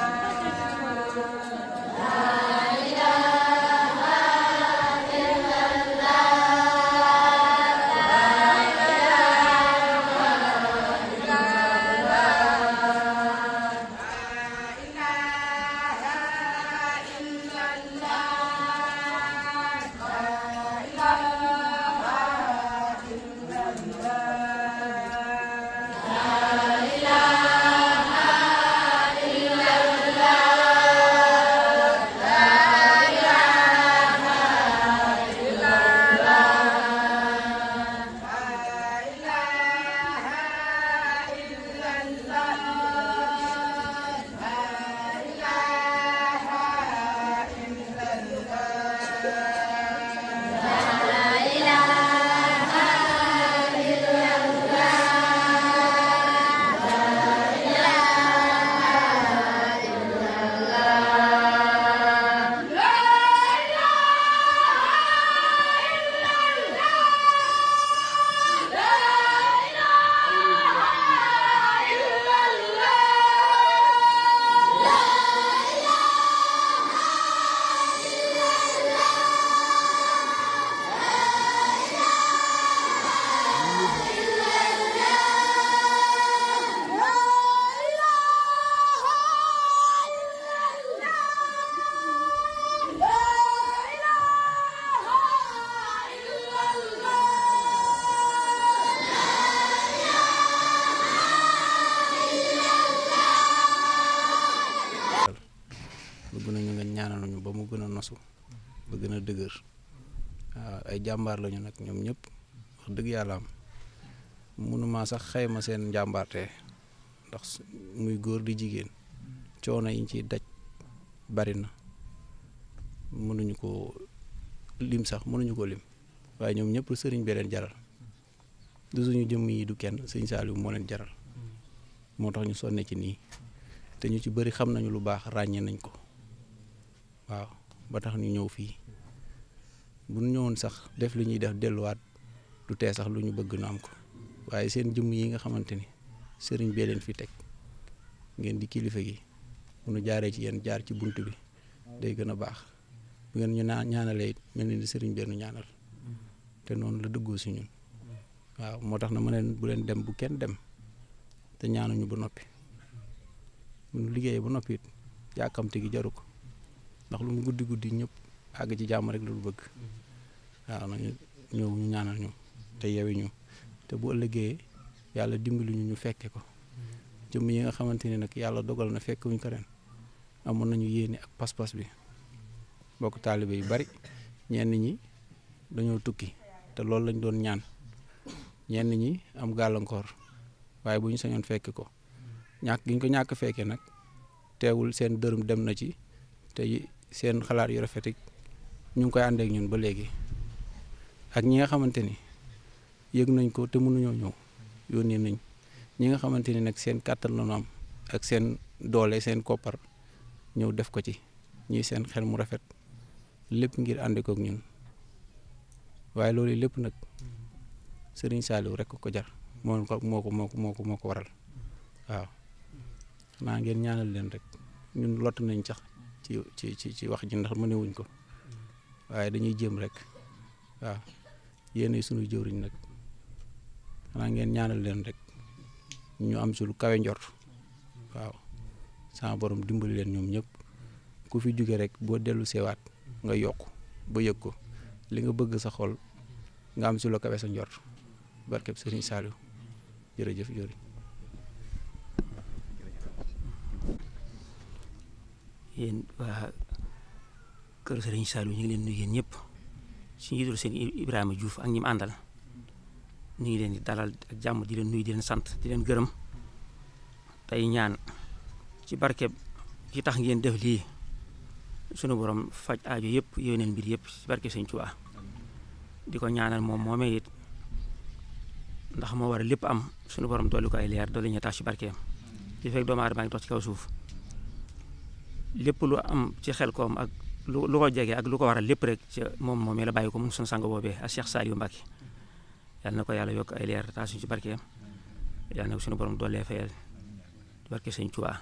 Bye. gën a nosu ba gën a dëgër waaw ay jàmbaar lañu nag ñoom ñëpp wax dëgg yàlla am mënuma sax xayma seen njàmbaarte ndax muy góor di jigéen coono yi ñu ciy daj bari na mënuñu ko lim sax mënuñu ko lim waaye ñoom ñëpp sëriñ bi leen jaral du suñu jëmm yi du kenn sëñ Saliou moo leen jaral moo tax ñu sonne ci nii te ñu ci bëri xam nañu lu baax ràññee nañ ko waaw ba tax ñu ñëw fii bu ñëwoon sax def lu ñuy def delluwaat du tee sax lu ñu bëgg nu am ko waaye seen jëmm yi nga xamante ni sëriñ bee leen fi teg ngeen di kilifa gi bu jaaree ci yéen jaar ci bunt bi day gën a baax bu ngeen ñu naa ñaanalee it mel ni sëriñ bee nu ñaanal te noonu la dëggoo si ñun waaw moo tax na ma leen bu leen dem bu kenn dem te ñaanuñu ba noppi bu nu liggéeyee ba noppi it yàkkamte gi jaru ko ndax lu mu guddi guddi ñëpp àgg ci jàmm rek lu bëgg waaw nañu ñëw ñu ñaanal ñu te yewi ñu te bu ëllëgee yàlla dimbali ñu ñu fekke ko jëmm yi nga xamante ni nag yàlla dogal na fekk wuñ ko ren amoon nañu yéene ak pas-pas bi bokk taalibe yu bari ñenn ñi dañoo tukki te loolu lañ doon ñaan ñenn ñi am gàllankoor waaye bu ñu sañoon fekk ko ñàkk gi ñu ko ñàkk fekkee nag teewul seen dërëm dem na ci te seen xalaat yu rafet ñu ngi koy àndeek ñun ba léegi ak ñi nga xamante ni yëg nañ ko te mënuñoo ñëw yónnee nañ ñi nga xamante ni nag seen kàttan la ñu ak seen doole seen koppar ñëw def ko ci ñuy seen xel mu rafet lépp ngir ànd ko ñun waaye loolu lépp nag Serigne Saliou rek ko jar moo ko moo ko moo ko moo ko waral waaw xanaa ngeen ñaanal leen rek ñun lott nañ sax ci ci ci ci wax ji ndax wuñ ko waaye dañuy jéem rek waaw yéenay sunu jëwriñ nag xanaa ngeen ñaanal leen rek ñu am ci lu kawe njort waaw sama boroom dimbali leen ñoom ñëpp ku fi jóge rek boo dellu seewaat nga yokk ba yëg ko li nga bëgg sa xol nga am si lu kawe sa njort barkeb Sëriñ Saliou jërëjëf jëriñ yéen waa kër Serigne Saliou ñu ngi leen nuy yéen ñëpp si njiitul seen Ibrahima juuf ak ñi mu àndal ñu ngi leen di dalal jàmm di leen nuyu di leen sant di leen gërëm tey ñaan ci barke ki tax ngeen def lii sunu borom faj aajo yëpp yéeneen mbir yëpp ci barkeb Sëñ Tuubaa di ko ñaanal moom moomee it ndax moo war a lépp am sunu borom dolli ko ay leer dolli ñu tax ci barkeem di fekk doomu aadama ngi dox ci kaw suuf. lépp lu am ci xel koom ak lu lu ko jege ak lu ko waral lépp rek ca moom moomee la bàyyi ko mu sunu sang boobee a Cheikh Saliou Mbacké yàlla na ko yàlla yokk ay leer taas ñu ci barkeem na suñu borom doolee fayal barke sëñ Tuubaa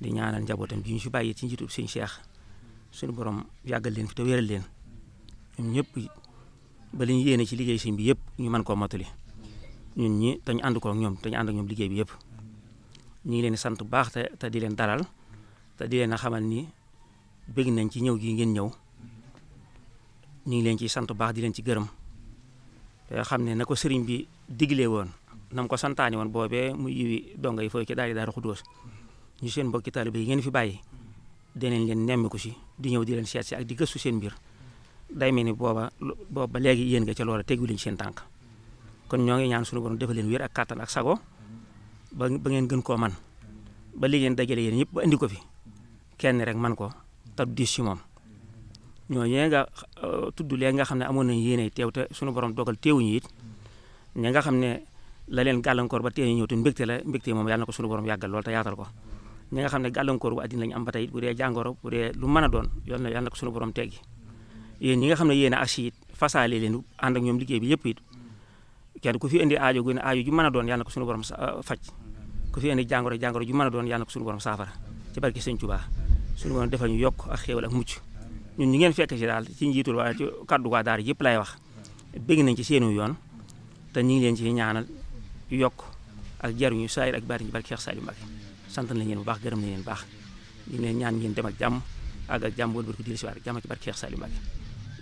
di njabootam gi ñu bàyyi ci njiitu sëñ Cheikh suñu borom yàggal leen fi te wéral leen ñun ñëpp ba li ñu ci liggéey sëñ bi yëpp ñu mën koo matali ñun ñi dañu ànd kook ñoom dañu ànd ak ñoom liggéey bi yëpp ñu ngi leen di sant bu baax te di leen dalal. te di leen a xamal ni bégg nañ ci ñëw gii ngeen ñëw ñu ngi leen ciy sant baax di leen ci gërëm te xam ne na ko sëriñ bi digle woon na ko santaane woon boobe mu yiwi donga yi fooy ci daal daar Daaru Xuddoos ñu seen mbokki taalibe yi ngeen fi bàyyi danañ leen ko si di ñëw di leen seet ak di gëstu seen mbir day mel ni booba booba léegi yéen nga ca loola tegu leen seen tànk kon ñoo ngi ñaan suñu borom defal leen wér ak kàttan ak sago ba ba ngeen gën koo man ba li ngeen dajale yéen ñëpp indi ko fi kenn rek man ko te du moom ñoo ñee nga euh, tudd leen nga xam ne amoon nañu yéene teew te suñu borom dogal teewuñu it ña nga xam ne la leen gàllankoor ba teeñu ñëw te mbégte la moom yàlla na ko suñu borom yàggal lool te yaatal ko ñi nga xam ne gàllankoor bu am ba tey bu dee jàngoro bu dee lu mën a doon yal na yàlla na ko suñu borom teggi yéen ñi nga xam ne yéen a agsi it ànd ak ñoom liggéey bi yëpp it kenn ku fi indi aajo gu aajo ju mën a doon yàlla na ko suñu borom euh, faj ku fi indi jàngoro jàngoro ju mën doon yàlla na ko suñu borom saafara ci barke Sëñ Tuubaa suñu borom defal ñu yokk ak xéewal ak mucc ñun ñu ngeen fekk si daal ci njiitul waaye ci kàddu waa daara yëpp lay wax bëgg nañ ci seenu yoon te ñu ngi leen ci ñaanal yokk ak jariñu saayir ak bari ñu barke Cheikh Saliou Mbacké sant nañ leen bu baax gërëm nañ leen baax ñu leen ñaan ngeen dem ak jàmm ak ak jàmm wëlbati si dellusiwaat ak jàmm ci barke Cheikh Saliou Mbacké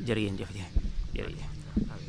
jërë ngeen jëf jërëjëf